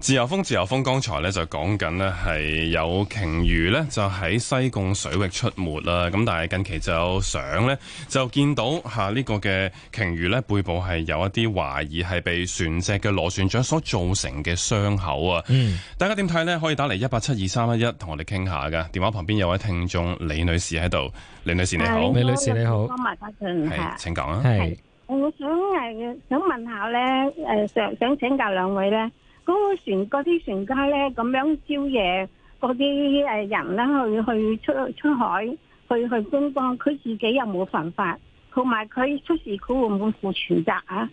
自由風，自由風，剛才咧就講緊呢係有鯨魚咧就喺西貢水域出沒啦。咁但係近期就有相咧就見到嚇呢個嘅鯨魚咧背部係有一啲懷疑係被船隻嘅螺旋槳所造成嘅傷口啊。嗯，大家點睇呢？可以打嚟一八七二三一一同我哋傾下㗎。電話旁邊有位聽眾李女士喺度，李女士你好，李女士你好，歡迎收麥係請講啦、啊。係是，我想係想問下咧，誒、呃、想想請教兩位咧。嗰船啲船家咧，咁樣招夜嗰啲誒人咧去去出出海去去觀光，佢自己又冇犯法，同埋佢出事佢會唔會負全責啊？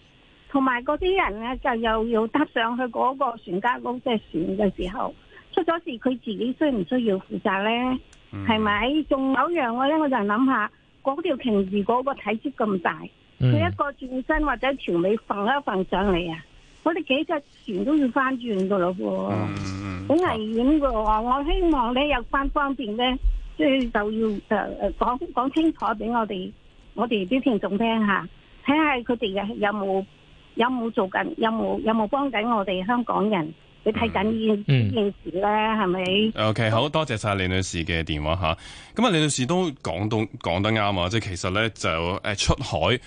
同埋嗰啲人咧就又要搭上去嗰個船家嗰隻船嘅時候，出咗事佢自己需唔需要負責咧？係咪、嗯？仲有一樣咧，我就諗下嗰條鯨魚，如果個體積咁大，佢一個轉身或者條尾揈一揈上嚟啊！我哋幾隻船都要翻轉噶咯喎，好、嗯嗯、危險噶喎！哇我希望咧有關方面咧，即係就要誒誒講講清楚俾我哋，我哋啲聽眾聽下，睇下佢哋嘅有冇有冇做緊，有冇有冇幫緊我哋香港人、嗯、你睇緊、嗯、呢件事咧，係咪？OK，好多謝晒李女士嘅電話嚇，咁啊李女士都講到講得啱啊，即、就、係、是、其實咧就誒、呃、出海。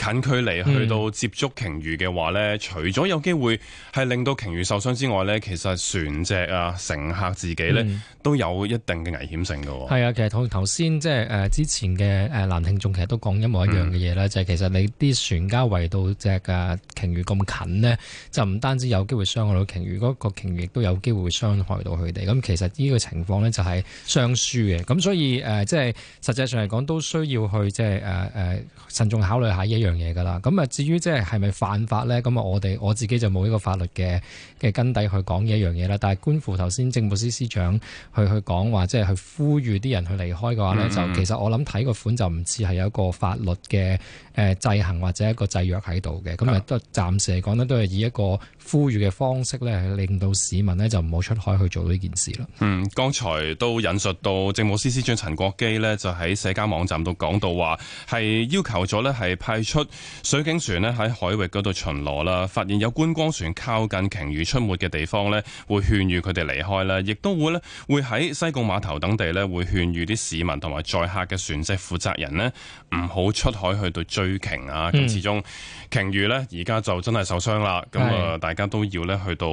近距離去到接觸鯨魚嘅話呢，嗯、除咗有機會係令到鯨魚受傷之外呢，其實船隻啊、乘客自己呢、嗯、都有一定嘅危險性嘅喎。係啊，其實同頭先即係誒之前嘅誒男聽眾其實都講一模一樣嘅嘢啦，嗯、就係其實你啲船家圍到隻啊鯨魚咁近呢，就唔單止有機會傷害到鯨魚，嗰、嗰個鯨魚亦都有機會傷害到佢哋。咁其實呢個情況呢、呃，就係雙輸嘅。咁所以誒，即係實際上嚟講，都需要去即係誒誒慎重考慮一下一樣樣嘢噶啦，咁啊至於即係係咪犯法呢？咁啊我哋我自己就冇一個法律嘅嘅根底去講嘢一樣嘢啦。但係觀乎頭先政務司司長去去講話，即係去呼籲啲人去離開嘅話呢，嗯、就其實我諗睇個款就唔似係有一個法律嘅誒制衡或者一個制約喺度嘅。咁啊都暫時嚟講呢，都係以一個呼籲嘅方式呢，令到市民呢就唔好出海去做呢件事啦。嗯，剛才都引述到政務司司長陳國基呢，就喺社交網站度講到話係要求咗呢係派出。水警船咧喺海域嗰度巡邏啦，發現有觀光船靠近鯨魚出沒嘅地方咧，會勸喻佢哋離開啦，亦都會咧會喺西貢碼頭等地咧會勸喻啲市民同埋載客嘅船隻負責人咧唔好出海去到追鯨啊，咁始終、嗯。鯨魚咧，而家就真係受傷啦，咁啊，大家都要咧去到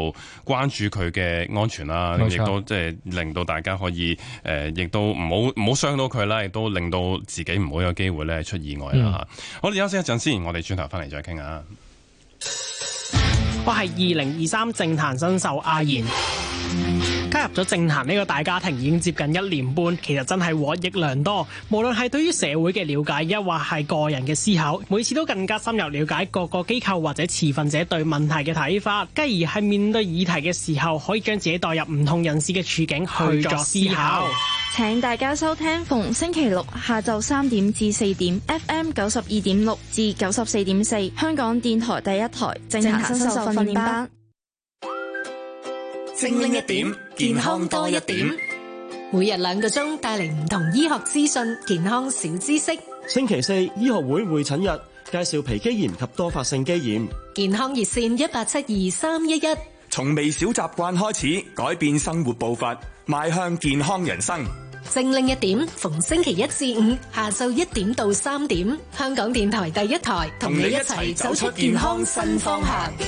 關注佢嘅安全啦，亦都即係令到大家可以，誒，亦都唔好唔好傷到佢啦，亦都令到自己唔好有機會咧出意外啦嚇。嗯、好，我休息一陣先，我哋轉頭翻嚟再傾下。我係二零二三政壇新秀阿賢。加入咗政壇呢個大家庭已經接近一年半，其實真係獲益良多。無論係對於社會嘅了解，抑或係個人嘅思考，每次都更加深入了解各個機構或者持份者對問題嘅睇法，繼而係面對議題嘅時候，可以將自己代入唔同人士嘅處境去作思考。請大家收聽逢星期六下晝三點至四點，FM 九十二點六至九十四點四，香港電台第一台政壇新秀訓練班。精靈一點，健康多一點。每日兩個鐘，帶嚟唔同醫學資訊、健康小知識。星期四醫學會會診日，介紹皮肌炎及多發性肌炎。健康熱線一八七二三一一。從微小習慣開始，改變生活步伐，邁向健康人生。精靈一點，逢星期一至五下晝一點到三點，香港電台第一台，同你一齊走出健康新方向。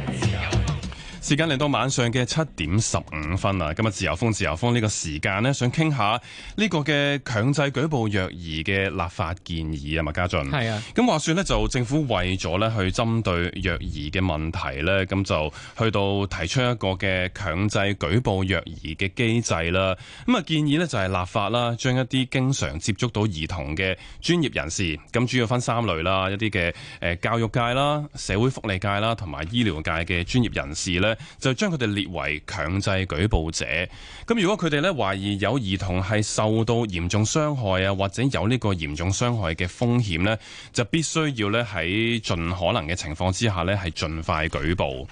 時間嚟到晚上嘅七點十五分啊，今日自由風自由風呢個時間咧，想傾下呢個嘅強制舉報虐兒嘅立法建議啊，麥家俊。係啊，咁話說咧,就政府為咗咧去針對虐兒嘅問題咧,咁就去到提出一個嘅強制舉報虐兒嘅機制啦。咁啊，建議咧就係立法啦，將一啲經常接觸到兒童嘅專業人士，咁主要分三類啦，一啲嘅誒教育界啦、社會福利界啦、同埋醫療界嘅專業人士咧。就將佢哋列為強制舉報者。咁如果佢哋咧懷疑有兒童係受到嚴重傷害啊，或者有呢個嚴重傷害嘅風險呢，就必須要咧喺盡可能嘅情況之下呢，係盡快舉報。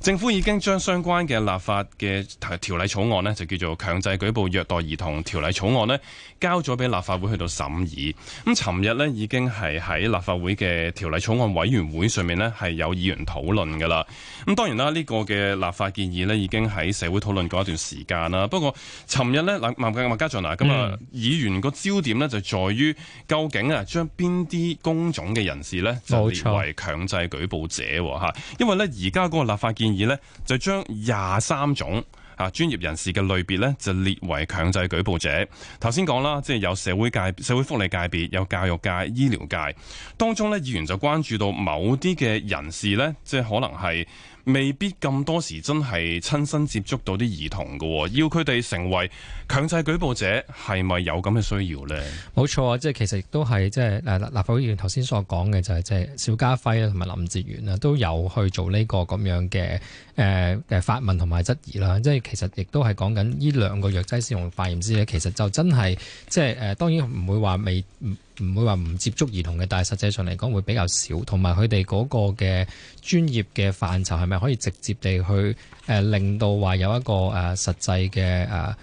政府已經將相關嘅立法嘅條例草案呢，就叫做《強制舉報虐待兒童條例草案》呢，交咗俾立法會去到審議。咁，尋日呢已經係喺立法會嘅條例草案委員會上面呢，係有議員討論噶啦。咁當然啦，呢個嘅嘅立法建議咧，已經喺社會討論過一段時間啦。不過天，尋日呢嗱，問下麥家俊啊，咁啊，議員個焦點呢，就在於究竟啊，將邊啲工種嘅人士呢，就列為強制舉報者嚇。因為呢，而家嗰個立法建議呢，就將廿三種啊專業人士嘅類別呢，就列為強制舉報者。頭先講啦，即係有社會界、社會福利界別，有教育界、醫療界，當中呢，議員就關注到某啲嘅人士呢，即係可能係。未必咁多時真係親身接觸到啲兒童嘅，要佢哋成為強制舉報者，係咪有咁嘅需要咧？冇錯啊，即係其實亦都係即係誒，立法會議員頭先所講嘅就係即係邵家輝啦，同埋林哲玄啦，都有去做呢個咁樣嘅誒嘅發問同埋質疑啦。即係其實亦都係講緊呢兩個藥劑使用化驗師咧，其實就真係即係誒，當然唔會話未唔會話唔接觸兒童嘅，但實際上嚟講會比較少，同埋佢哋嗰個嘅專業嘅範疇係咪可以直接地去、呃、令到話有一個、呃、實際嘅誒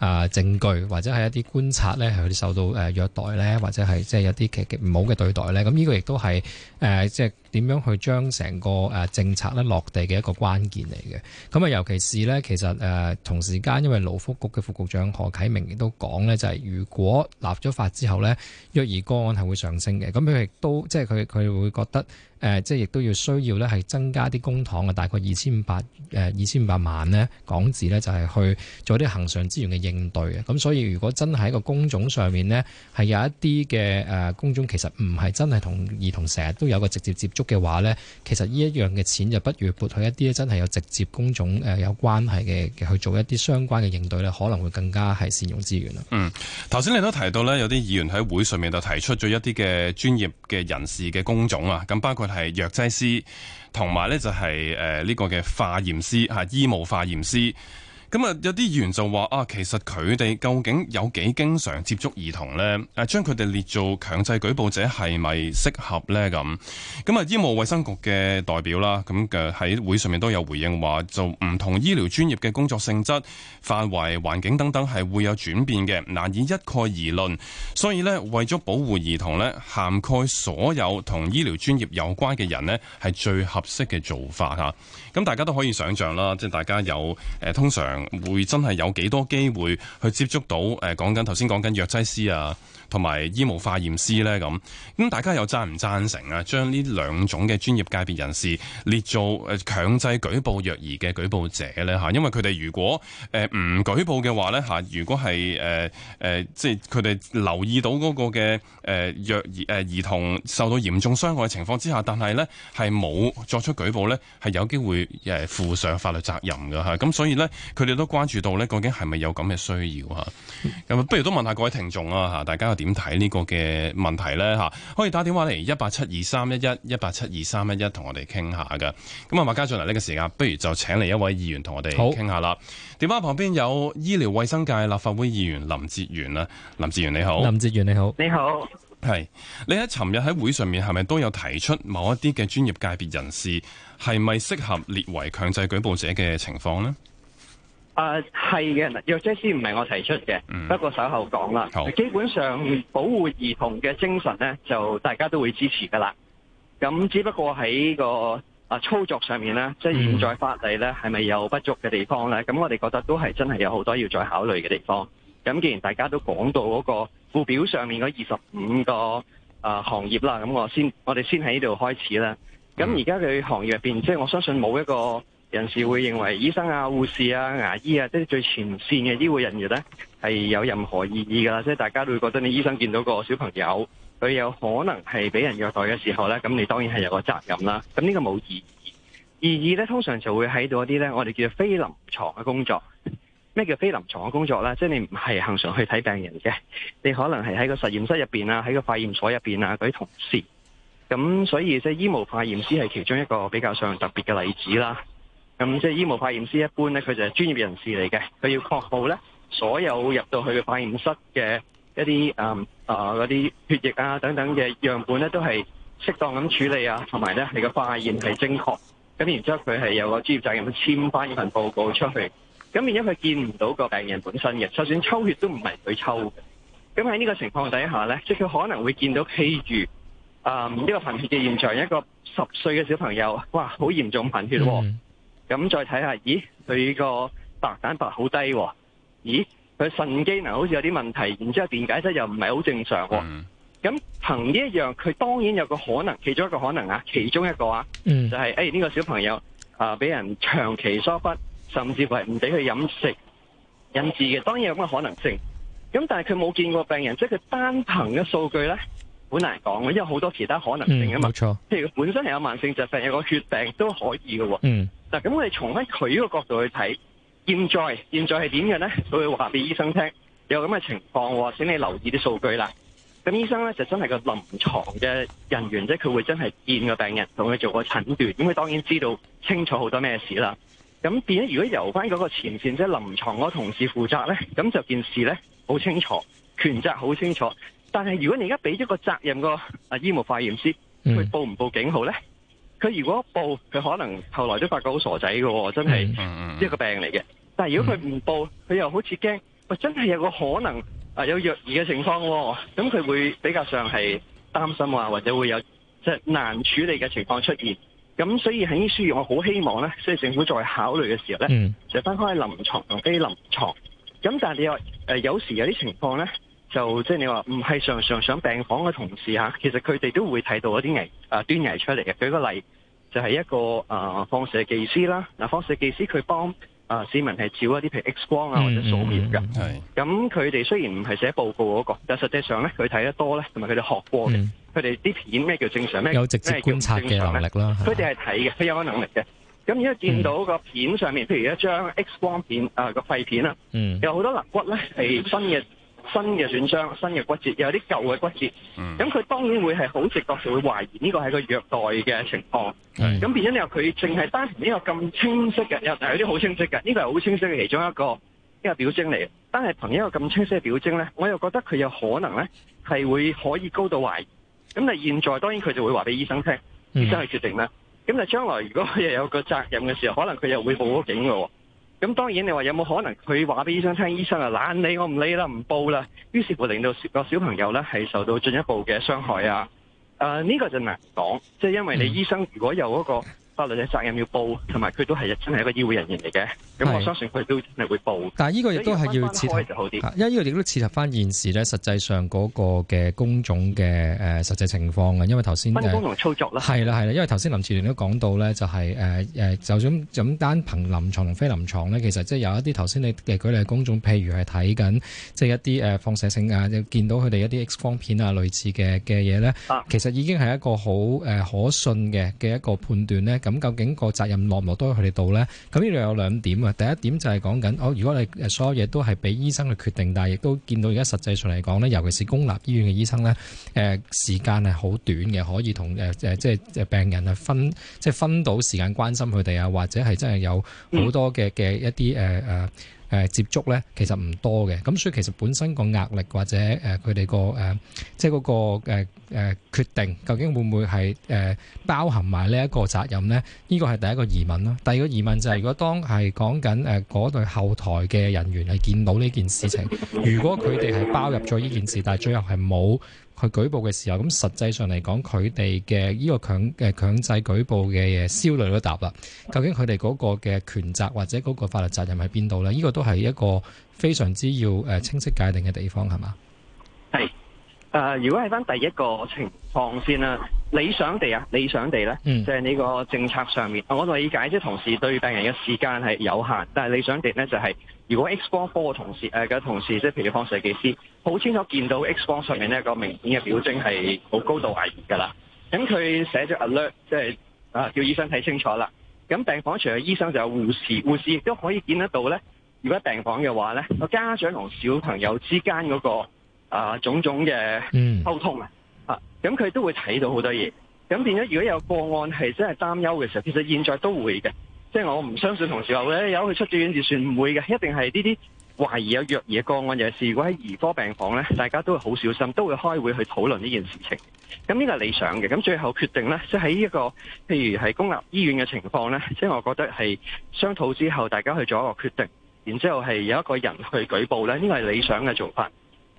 誒證據，或者係一啲觀察咧係佢哋受到誒虐、呃、待咧，或者係即係有啲唔好嘅對待咧？咁呢個亦都係即係。呃即係點樣去將成個誒政策咧落地嘅一個關鍵嚟嘅？咁啊，尤其是呢，其實誒、呃、同時間，因為勞福局嘅副局長何啟明亦都講呢就係、是、如果立咗法之後呢虐兒個案係會上升嘅。咁佢亦都即係佢佢會覺得誒、呃，即係亦都要需要呢，係增加啲公帑啊，大概二千五百誒二千五百萬呢港紙呢，就係去做啲恒常資源嘅應對嘅。咁所以如果真係一個工種上面呢，係有一啲嘅誒工種，其實唔係真係同兒童成日都有一個直接接觸，嘅話呢，其實呢一樣嘅錢就不如撥去一啲真係有直接工種、誒有關係嘅，去做一啲相關嘅應對呢，可能會更加係善用資源啦。嗯，頭先你都提到呢，有啲議員喺會上面就提出咗一啲嘅專業嘅人士嘅工種啊，咁包括係藥劑師同埋呢就係誒呢個嘅化驗師嚇，醫務化驗師。咁啊，有啲議員就話啊，其實佢哋究竟有幾經常接觸兒童呢？誒，將佢哋列做強制舉報者係咪適合呢？咁咁啊，醫務衛生局嘅代表啦，咁嘅喺會上面都有回應話，就唔同醫療專業嘅工作性質、範圍、環境等等係會有轉變嘅，難以一概而論。所以呢，為咗保護兒童呢，涵蓋所有同醫療專業有關嘅人呢，係最合適嘅做法吓。咁、啊、大家都可以想象啦，即係大家有、啊、通常。會真係有幾多機會去接觸到？誒，講緊頭先講緊藥劑師啊，同埋醫務化驗師咧咁。咁大家又贊唔贊成啊？將呢兩種嘅專業界別人士列做誒強制舉報虐兒嘅舉報者咧吓？因為佢哋如果誒唔舉報嘅話咧吓，如果係誒誒，即係佢哋留意到嗰個嘅誒虐兒誒兒童受到嚴重傷害嘅情況之下，但係咧係冇作出舉報咧，係有機會誒負上法律責任噶吓。咁所以咧佢。你都關注到呢，究竟係咪有咁嘅需要嚇咁？嗯、不如都問下各位聽眾啊，嚇大家又點睇呢個嘅問題呢？嚇，可以打電話嚟一八七二三一一一八七二三一一，同我哋傾下㗎。咁啊，麥家俊嚟呢個時間，不如就請嚟一位議員同我哋傾下啦。電話好旁邊有醫療衛生界立法會議員林哲玄啦，林哲玄你好，林哲玄你好，你好，係你喺尋日喺會上面係咪都有提出某一啲嘅專業界別人士係咪適合列為強制舉報者嘅情況呢？啊，係嘅、uh，若姐先唔係我提出嘅，嗯、不過稍後講啦。好基本上保護兒童嘅精神咧，就大家都會支持噶啦。咁只不過喺個啊操作，上面咧，即係現在法例咧，係咪有不足嘅地方咧？咁我哋覺得都係真係有好多要再考慮嘅地方。咁既然大家都講到嗰個附表上面嗰二十五個啊、呃、行業啦，咁我先我哋先喺呢度開始啦。咁而家佢行業入邊，即係我相信冇一個。人士會認為醫生啊、護士啊、牙醫啊，即係最前線嘅醫護人員呢，係有任何意義噶啦。即係大家都會覺得，你醫生見到個小朋友佢有可能係俾人虐待嘅時候呢，咁你當然係有個責任啦。咁呢個冇意義，意義呢通常就會喺到一啲呢，我哋叫非臨床嘅工作。咩叫非臨床嘅工作呢？即係你唔係恒常去睇病人嘅，你可能係喺個實驗室入邊啊，喺個化驗所入邊啊，嗰啲同事。咁所以即係醫務化驗師係其中一個比較上特別嘅例子啦。咁即係醫務化驗師一般咧，佢就係專業人士嚟嘅。佢要確保咧，所有入到去嘅化驗室嘅一啲誒嗰啲血液啊等等嘅樣本咧，都係適當咁處理啊，同埋咧佢個化驗係精確。咁然之後佢係有個專業責任去簽翻呢份報告出去。咁變咗，佢見唔到個病人本身嘅，就算抽血都唔係佢抽嘅。咁喺呢個情況底下咧，即係佢可能會見到譬如誒呢個貧血嘅現場，一個十歲嘅小朋友，哇，好嚴重貧血喎，啊。嗯咁再睇下，咦佢個白蛋白好低，哦，咦佢腎機能好似有啲問題，然之後電解質又唔係好正常，哦。咁憑呢一樣，佢當然有個可能，其中一個可能啊，其中一個啊，mm. 就係誒呢個小朋友啊俾人長期疏忽，甚至乎係唔俾佢飲食，引致嘅，當然有咁嘅可能性。咁但係佢冇見過病人，即係佢單憑嘅數據呢，好難講嘅，因為好多其他可能性啊嘛。Mm, 冇錯，譬如本身係有慢性疾病，有個血病都可以嘅，哦。Mm. 嗱，咁我哋從翻佢呢個角度去睇，現在現在係點嘅咧？佢會話俾醫生聽，有咁嘅情況喎，請你留意啲數據啦。咁醫生咧就真係個臨床嘅人員，即係佢會真係見個病人同佢做個診斷，咁佢當然知道清楚好多咩事啦。咁變咗，如果由翻嗰個前線即係臨床嗰個同事負責咧，咁就件事咧好清楚，權責好清楚。但係如果你而家俾咗個責任個啊醫務化驗師，佢報唔報警號咧？嗯佢如果報，佢可能後來都發覺好傻仔嘅，真係即係個病嚟嘅。但係如果佢唔報，佢又好似驚，喂，真係有個可能啊，有虐兒嘅情況，咁佢會比較上係擔心啊，或者會有即係難處理嘅情況出現。咁所以喺呢啲我好希望呢，所以政府再考慮嘅時候呢，就分開臨床同非臨床。咁但係你話誒，有時有啲情況呢，就即係你話唔係常常上病房嘅同事嚇，其實佢哋都會睇到一啲危啊端倪出嚟嘅。舉個例。就係一個誒、呃、放射技師啦，嗱、啊、放射技師佢幫誒、呃、市民係照一啲譬如 X 光啊或者掃描嘅，咁佢哋雖然唔係寫報告嗰、那個，但實際上咧佢睇得多咧，同埋佢哋學過嘅，佢哋啲片，咩叫正常咩叫正常咧，佢哋係睇嘅，佢有個能力嘅。咁而家見到個片上面，嗯、譬如一張 X 光片啊個肺片啦，嗯、有好多肋骨咧係新嘅。新嘅損傷、新嘅骨折，又有啲舊嘅骨折，咁佢、嗯嗯、當然會係好直覺，就會懷疑呢個係個虐待嘅情況。咁、嗯、變咗你話佢淨係單憑呢個咁清晰嘅，又係有啲好清晰嘅，呢、呢個係好清晰嘅其中一個呢、呢個表徵嚟。但係憑一個咁清晰嘅表徵呢，我又覺得佢有可能呢係會可以高度懷疑。咁但係現在當然佢就會話俾醫生聽，醫生去決定啦。咁但將將來如果佢又有個責任嘅時候，可能佢又會報警喎。咁當然，你話有冇可能佢話俾醫生聽，醫生啊懶理我唔理啦，唔報啦，於是乎令到個小朋友呢係受到進一步嘅傷害啊？誒呢個就難講，即係因為你醫生如果有嗰個。法律嘅責任要報，同埋佢都係真係一個醫護人員嚟嘅，咁我相信佢都真係會報。但係呢個亦都係要好啲，因為呢個亦都切合翻現時咧實際上嗰個嘅工種嘅、呃、實際情況，因為頭先工操作啦，係啦係啦，因為頭先林哲玄都講到咧，就係、是呃、就咁咁單憑臨床同非臨床咧，其實即係有一啲頭先你嘅舉例工種，譬如係睇緊即係一啲、呃、放射性啊，就見到佢哋一啲 X 光片啊類似嘅嘅嘢咧，啊、其實已經係一個好、呃、可信嘅嘅一個判斷咧。咁究竟個責任落唔落到佢哋度呢？咁呢度有兩點啊。第一點就係講緊，哦，如果你所有嘢都係俾醫生去決定，但係亦都見到而家實際上嚟講呢，尤其是公立醫院嘅醫生呢，誒時間係好短嘅，可以同即係病人分即係分到時間關心佢哋啊，或者係真係有好多嘅嘅一啲誒接觸呢其實唔多嘅，咁所以其實本身個壓力或者誒佢哋個誒，即係嗰、那個誒誒、呃呃、決定，究竟會唔會係誒、呃、包含埋呢一個責任呢？呢個係第一個疑問啦。第二個疑問就係、是，如果當係講緊誒嗰對後台嘅人員係見到呢件事情，如果佢哋係包入咗呢件事，但係最後係冇，佢舉報嘅時候，咁實際上嚟講，佢哋嘅呢個強嘅強制舉報嘅嘢，消略都答啦。究竟佢哋嗰個嘅權責或者嗰個法律責任喺邊度呢？呢、這個都係一個非常之要誒清晰界定嘅地方，係嘛？誒、呃，如果係翻第一個情況先啦，理想地啊，理想地咧，就係呢個政策上面，我理解即同時對病人嘅時間係有限，但係理想地咧就係、是，如果 X 光科嘅同事誒嘅、呃、同事，即係譬如放射技師，好清楚見到 X 光上面呢個明顯嘅表徵係好高度危險㗎啦。咁佢寫咗 alert，即係啊，叫醫生睇清楚啦。咁病房除咗醫生就有護士，護士亦都可以見得到咧。如果病房嘅話咧，家長同小朋友之間嗰、那個。啊，種種嘅溝通、嗯、啊，咁佢都會睇到好多嘢，咁變咗如果有個案係真係擔憂嘅時候，其實現在都會嘅，即係我唔相信同事話會有佢出住院就算唔會嘅，一定係呢啲懷疑有虐兒個案，尤其係如果喺兒科病房呢，大家都會好小心，都會開會去討論呢件事情。咁呢個係理想嘅，咁最後決定呢，即係喺一個譬如係公立醫院嘅情況呢，即係我覺得係商討之後，大家去做一個決定，然之後係有一個人去舉報呢，呢個係理想嘅做法。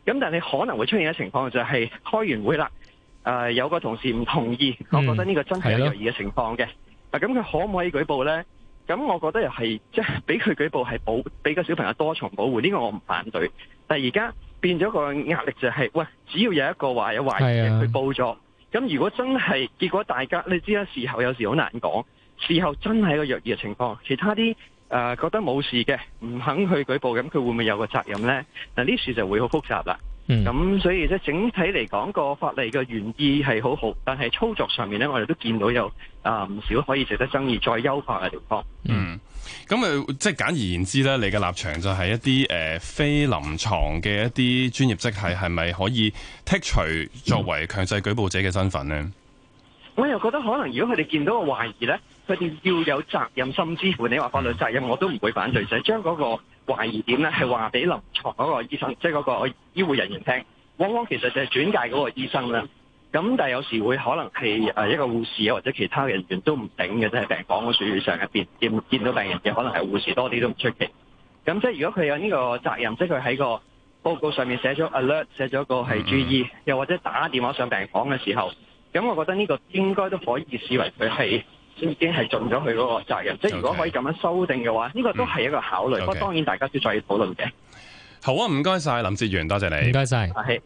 咁但係你可能會出現嘅情況就係開完會啦，誒、呃、有個同事唔同意，我覺得呢個真係有虐兒嘅情況嘅。咁佢、嗯啊、可唔可以舉報呢？咁我覺得又係即係俾佢舉報係保俾個小朋友多重保護，呢、這個我唔反對。但而家變咗個壓力就係、是，喂，只要有一個話有懷疑嘅去報咗，咁的如果真係結果大家你知啦，事後有時好難講，事後真係個虐兒嘅情況，其他啲。誒、呃，覺得冇事嘅，唔肯去舉報，咁佢會唔會有個責任呢？嗱，呢事就會好複雜啦。咁、嗯、所以即係整體嚟講，個法例嘅原意係好好，但係操作上面呢，我哋都見到有啊唔、呃、少可以值得爭議、再優化嘅地方。嗯，咁啊、嗯呃，即係簡而言之呢，你嘅立場就係一啲誒、呃、非臨床嘅一啲專業職系，係咪可以剔除作為強制舉報者嘅身份呢、嗯？我又覺得可能，如果佢哋見到個懷疑呢。佢哋要有責任心，甚至乎你話法律責任，我都唔會反對。就係、將嗰個懷疑點咧，係話俾臨床嗰個醫生，即係嗰個醫護人員聽。往往其實就係轉介嗰個醫生啦。咁但係有時會可能係一個護士啊，或者其他人員都唔頂嘅，即、就、係、是、病房嗰域上入邊見,見到病人嘅，可能係護士多啲都唔出奇。咁即係如果佢有呢個責任，即係佢喺個報告上面寫咗 alert，寫咗個係注意，又或者打電話上病房嘅時候，咁我覺得呢個應該都可以視為佢係。已經係盡咗佢嗰個責任，即係如果可以咁樣修訂嘅話，呢個都係一個考慮。不過 Okay. 當然大家都要再討論嘅。好啊，唔該晒林哲玄，多謝你，唔該晒，係，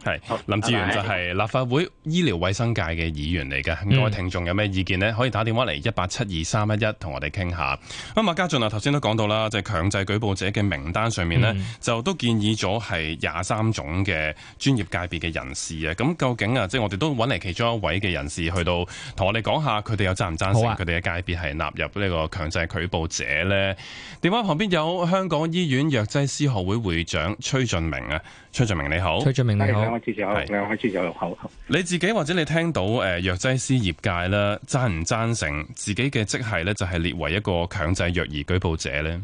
林哲玄就係立法會醫療衛生界嘅議員嚟嘅，嗯、各位聽眾有咩意見呢？可以打電話嚟一八七二三一一，同我哋傾下。咁馬家俊啊，頭先都講到啦，就係、是、強制舉報者嘅名單上面呢，嗯、就都建議咗係廿三種嘅專業界別嘅人士啊。咁究竟啊，即、就、係、是、我哋都揾嚟其中一位嘅人士去到同我哋講下，佢哋有贊唔贊成佢哋嘅界別係納入呢個強制舉報者呢？啊、電話旁邊有香港醫院藥劑師學會會長。崔俊明啊，崔俊明你好，崔俊明你好，兩位主持係好，兩位主持好。你自己或者你聽到誒藥劑師業界咧，讚唔讚成自己嘅職系咧，就係列為一個強制虐兒舉報者咧？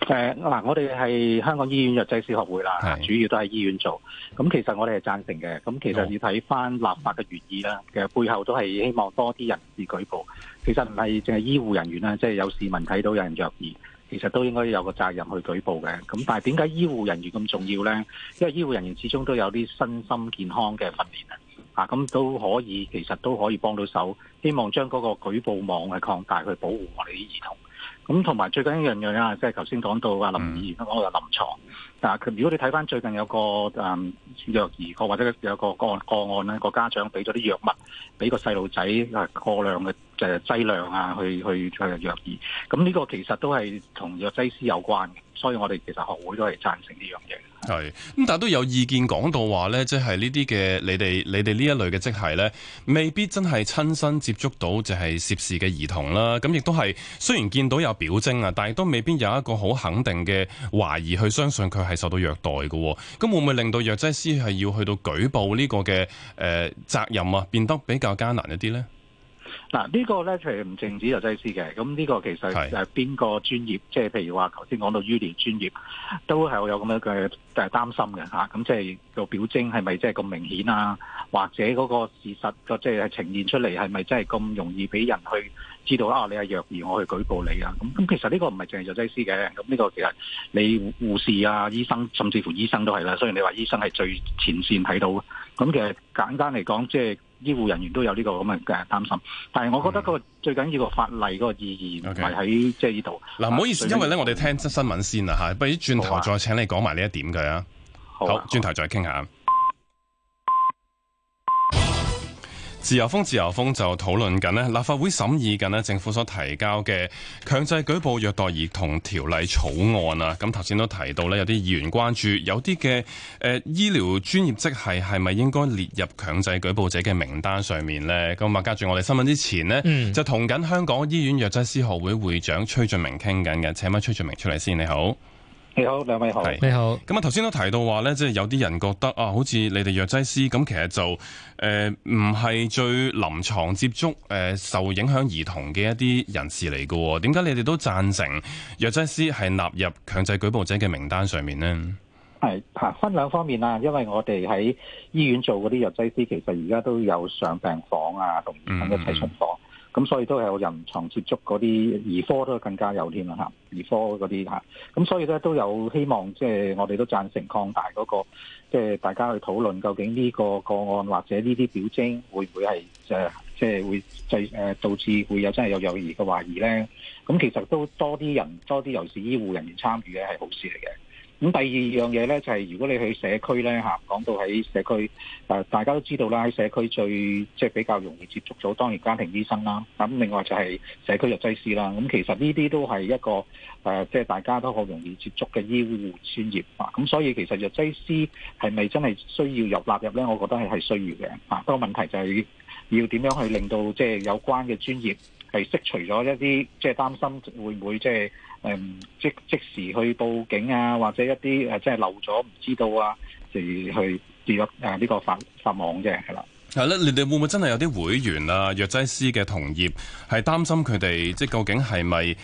誒，嗱，我哋係香港醫院藥劑師師學會啦，係主要都係醫院做。咁其實我哋係讚成嘅。咁其實要睇翻立法嘅原意啦，其實背後都係希望多啲人士舉報。其實唔係淨係醫護人員啦，即係有市民睇到有人虐兒。其實都應該有個責任去舉報嘅，咁但係點解醫護人員咁重要呢？因為醫護人員始終都有啲身心健康嘅訓練啊，咁都可以其實都可以幫到手，希望將嗰個舉報網去擴大，去保護我哋啲兒童。咁同埋最緊要一樣嘢啊，即係頭先講到林議員都講話嗱，如果你睇翻最近有個誒、嗯、虐兒個，或者有個個個案咧，個家長俾咗啲藥物俾個細路仔誒過量嘅誒劑量啊，去去誒虐兒，咁呢個其實都係同藥劑師有關嘅，所以我哋其實學會都係贊成呢樣嘢。係，咁但係都有意見講到話咧，即係呢啲嘅你哋你哋呢一類嘅職系咧，未必真係親身接觸到，就係涉事嘅兒童啦。咁亦都係雖然見到有表徵啊，但係都未必有一個好肯定嘅懷疑去相信佢係受到虐待嘅。咁會唔會令到藥劑師係要去到舉報呢個嘅誒、呃、責任啊，變得比較艱難一啲咧？嗱，個呢個咧，其實唔淨止有劑師嘅，咁呢個其實係邊個專業，即係譬如話頭先講到醫療專業，都係我有咁樣嘅誒擔心嘅，咁即係個表徵係咪即係咁明顯啊？或者嗰個事實個即係、就是、呈現出嚟係咪真係咁容易俾人去知道啊？你係虐兒，我去舉報你啊！咁咁其實呢個唔係淨係藥劑師嘅，咁呢個其實你護士啊、醫生，甚至乎醫生都係啦。雖然你話醫生係最前線睇到，咁其實簡單嚟講、就是，即係。醫護人員都有呢個咁嘅擔心，但係我覺得嗰個最緊要個法例嗰個意義係喺即係呢度。嗱 Okay.、呃，唔好意思，因為咧、嗯、我哋聽新新聞先啦，嚇，不如轉頭再請你講埋呢一點嘅啊。好，轉頭再傾下。自由風，自由風就討論緊呢，立法會審議緊政府所提交嘅強制舉報虐待兒童條例草案啊。咁頭先都提到呢，有啲議員關注有啲嘅誒醫療專業職系係咪應該列入強制舉報者嘅名單上面呢咁啊，跟住我哋新聞之前呢、嗯、就同緊香港醫院藥劑師學會會長崔俊明傾緊嘅，請翻崔俊明出嚟先，你好。你好，兩位。好，是你好，咁啊，頭先都提到話咧，即係有啲人覺得啊，好似你哋藥劑師咁，其實就誒唔係最臨床接觸誒、呃、受影響兒童嘅一啲人士嚟喎。點解你哋都贊成藥劑師係納入強制舉報者嘅名單上面呢？係吓、啊、分兩方面啦，因為我哋喺醫院做嗰啲藥劑師，其實而家都有上病房啊，同醫生一齊巡房。嗯嗯嗯咁所以都係有人床接觸，嗰啲兒科都更加有添啦，兒科嗰啲。咁所以咧都有希望，即係我哋都贊成擴大嗰個，即係大家去討論究竟呢個個案或者呢啲表徵會唔會係誒，即係會誒導致會有真係有幼兒嘅懷疑咧？咁其實都多啲人多啲尤其是醫護人員參與咧係好事嚟嘅。咁第二樣嘢咧，就係如果你去社區咧嚇，講到喺社區，誒大家都知道啦，喺社區最即係、就是、比較容易接觸到當然家庭醫生啦。咁另外就係社區藥劑師啦。咁其實呢啲都係一個誒，即、就、係、是、大家都好容易接觸嘅醫護專業啊。咁所以其實藥劑師係咪真係需要入納入咧？我覺得係係需要嘅。啊，不過問題就係要點樣去令到即係有關嘅專業係剔除咗一啲即係擔心會唔會即係？即即時去報警啊，或者一啲即係漏咗唔知道啊，就去列入誒呢個法法網嘅係啦。係啦，你哋會唔會真係有啲會員啊、藥劑師嘅同業係擔心佢哋即係究竟係咪誒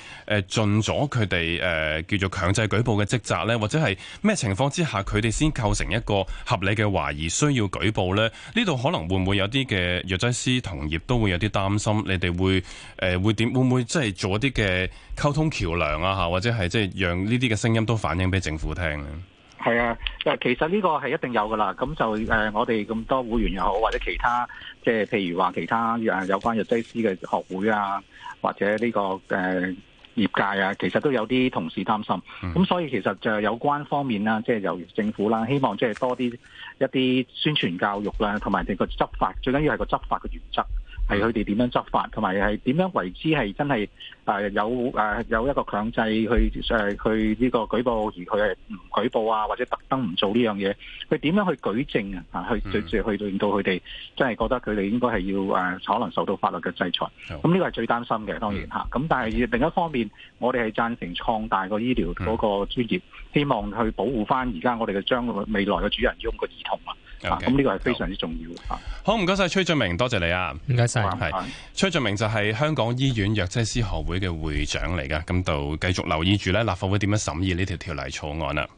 盡咗佢哋誒叫做強制舉報嘅職責呢？或者係咩情況之下佢哋先構成一個合理嘅懷疑需要舉報呢？呢度可能會唔會有啲嘅藥劑師同業都會有啲擔心你哋？你哋會誒會點？會唔會即係做一啲嘅溝通橋梁啊？嚇，或者係即係讓呢啲嘅聲音都反映俾政府聽咧？係啊，其實呢個係一定有噶啦，咁就誒、呃，我哋咁多會員又好，或者其他即係譬如話其他誒有關藥劑師嘅學會啊，或者呢、呢個誒、呃、業界啊，其實都有啲同事擔心，咁所以其實就有關方面啦，即係由政府啦，希望即係多啲一啲宣傳教育啦，同埋個執法，最緊要係個執法嘅原則。係佢哋點樣執法，同埋係點樣為之係真係誒、呃、有誒、呃、有一個強制去誒、呃、去呢個舉報，而佢係唔舉報啊，或者特登唔做呢樣嘢，佢點樣去舉證啊？去對住去，去令到佢哋真係覺得佢哋應該係要誒、呃、可能受到法律嘅制裁。咁呢個係最擔心嘅，當然嚇。咁、啊、但係另一方面，我哋係贊成創大個醫療嗰個專業，嗯、希望去保護翻而家我哋嘅將個未來嘅主人翁個兒童啊。咁呢個係非常之重要。好，唔該晒，崔俊明，多謝，謝你啊，唔該晒，係崔俊明就係香港醫院藥劑師學會嘅會長嚟㗎。咁就繼續留意住咧立法會點樣審議呢條條例草案啦。